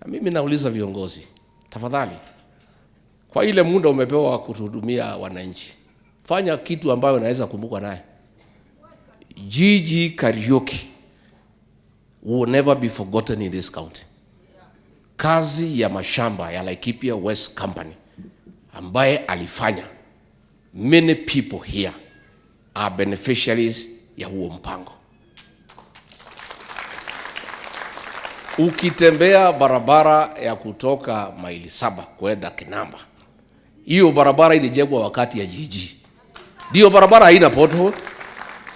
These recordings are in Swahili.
Na mimi nauliza viongozi, tafadhali, kwa ile muda umepewa kuhudumia wananchi, fanya kitu ambayo unaweza kumbukwa naye. Jiji karaoke will never be forgotten in this county. Kazi ya mashamba ya Laikipia West Company ambaye alifanya, many people here are beneficiaries ya huo mpango. Ukitembea barabara ya kutoka maili saba kwenda Kinamba, hiyo barabara ilijengwa wakati ya jiji, ndio barabara haina pothole.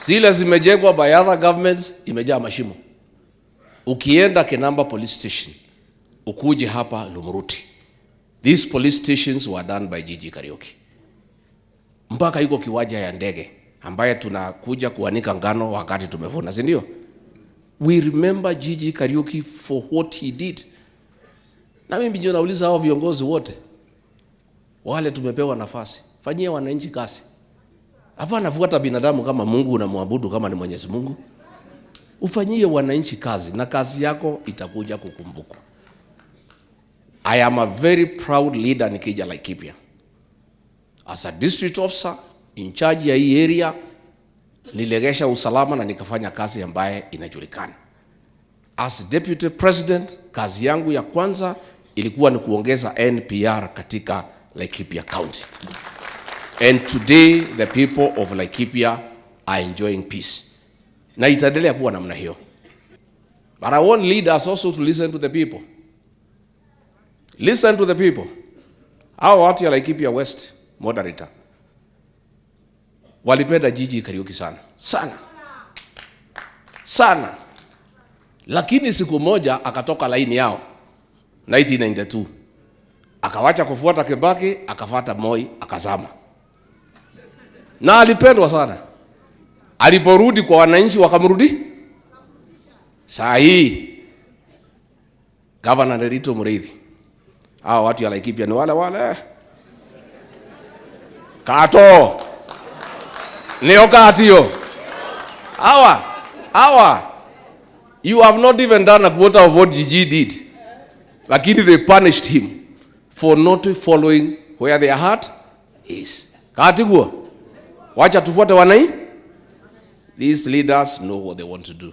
Zile zimejengwa by other governments imejaa mashimo. Ukienda Kinamba police station, ukuje hapa Lumuruti, these police stations were done by jiji Kariuki. Mpaka iko kiwanja ya ndege ambaye tunakuja kuanika ngano wakati tumevuna, si ndio? We remember Gigi Kariuki for what he did. Na mimi ndio nauliza hao viongozi wote wale tumepewa nafasi, fanyia wananchi kazi. Hapa anafuata binadamu kama Mungu unamwabudu kama ni Mwenyezi Mungu. Ufanyie wananchi kazi na kazi yako itakuja kukumbukwa. I am a very proud leader nikija Laikipia. As a district officer in charge ya hii area nilegesha usalama na nikafanya kazi ambaye inajulikana. As deputy president, kazi yangu ya kwanza ilikuwa ni kuongeza NPR katika Laikipia County. And today the people of Laikipia are enjoying peace. Na itaendelea kuwa namna hiyo. But I want leaders also to listen to the people. Listen to the people. Hao watu ya Laikipia West moderator walipenda jiji Kariuki sana sana sana, lakini siku moja akatoka laini yao 1992 akawacha kufuata Kibaki akafuata Moi akazama, na alipendwa sana. Aliporudi kwa wananchi wakamrudi. Saa hii gavana Nderitu Muriithi, hao watu ya Laikipia ni wale wale kato ni okatio hour hour you have not even done a quarter of what Gigi did lakini they punished him for not following where their heart is katiguo wacha tufuate wanai these leaders know what they want to do